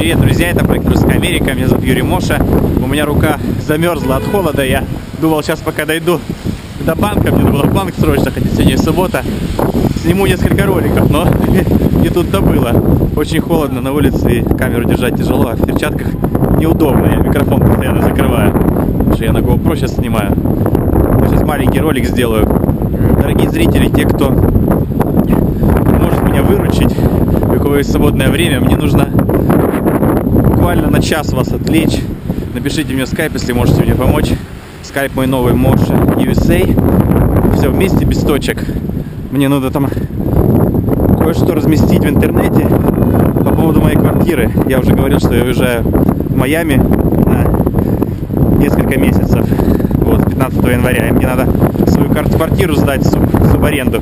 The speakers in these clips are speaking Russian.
Привет, друзья, это проект Америка. меня зовут Юрий Моша. У меня рука замерзла от холода, я думал сейчас пока дойду до банка, мне надо было в банк срочно ходить, сегодня суббота. Сниму несколько роликов, но не тут-то было. Очень холодно на улице и камеру держать тяжело, а в перчатках неудобно, я микрофон постоянно закрываю, потому что я на GoPro сейчас снимаю. сейчас маленький ролик сделаю. Дорогие зрители, те, кто может меня выручить, какое свободное время, мне нужно буквально на час вас отвлечь. Напишите мне в скайп, если можете мне помочь. Скайп мой новый Morsha USA. Все вместе, без точек. Мне надо там кое-что разместить в интернете по поводу моей квартиры. Я уже говорил, что я уезжаю в Майами на несколько месяцев. Вот, 15 января. И мне надо свою квартиру сдать в субаренду.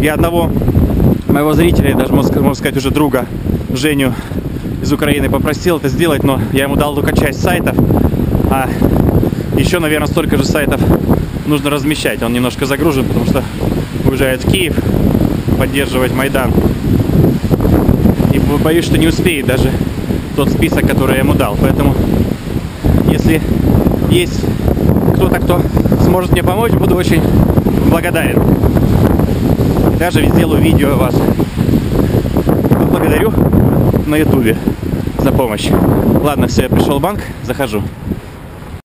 Я одного моего зрителя, даже, можно сказать, уже друга, Женю из Украины попросил это сделать, но я ему дал только часть сайтов. А еще, наверное, столько же сайтов нужно размещать. Он немножко загружен, потому что уезжает в Киев поддерживать Майдан. И боюсь, что не успеет даже тот список, который я ему дал. Поэтому, если есть кто-то, кто сможет мне помочь, буду очень благодарен. Даже сделаю видео о вас на ютубе за помощь. Ладно, все, я пришел в банк, захожу.